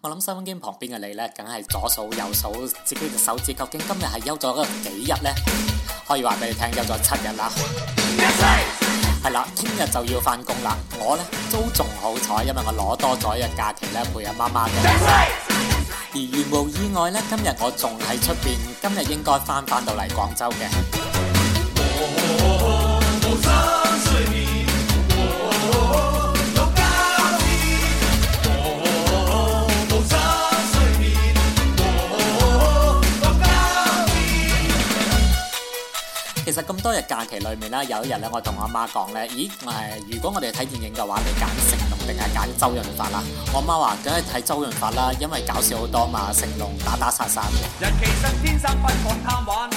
我諗收音機旁邊嘅你咧，梗係左數右數，自己隻手指究竟今日係休咗嗰幾日咧？可以話俾你聽，休咗七日啦。係、yes, 啦 I...，聽日就要翻工啦。我咧都仲好彩，因為我攞多咗一日假期咧，陪阿媽媽嘅。而如無意外咧，今日我仲喺出邊，今日應該翻返到嚟廣州嘅。Oh, oh, oh, oh, oh, oh, oh, 其實咁多日假期裏面咧，有一日咧，我同阿媽講咧，咦，誒，如果我哋睇電影嘅話，你揀成龍定係揀周潤發啊？我阿媽話梗係睇周潤發啦，因為搞笑好多嘛，成龍打打殺殺。人其實天生不放貪玩，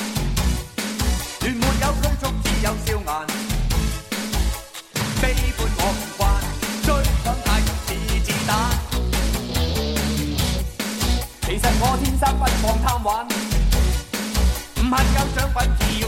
亂沒有拘束，只有笑顏。悲歡我唔慣，追趕太急似子彈。其實我天生不放貪玩，唔肯夠獎品，只要。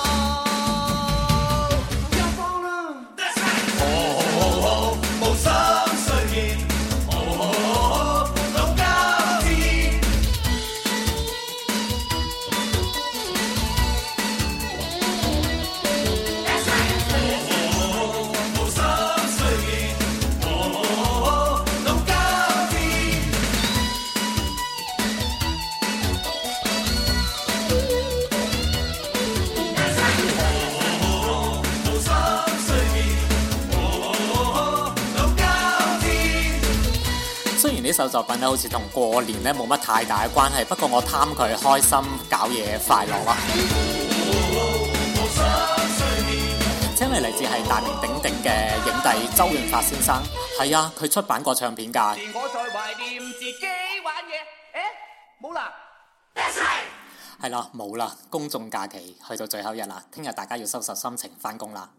呢首作品咧，好似同過年咧冇乜太大嘅關係。不過我貪佢開心搞嘢快樂啊！請嚟嚟自係大名鼎鼎嘅影帝周潤發先生。係啊，佢出版過唱片㗎。我再懷念自己玩嘢。誒，冇啦。係啦，冇啦。公眾假期去到最後日啦，聽日大家要收拾心情翻工啦。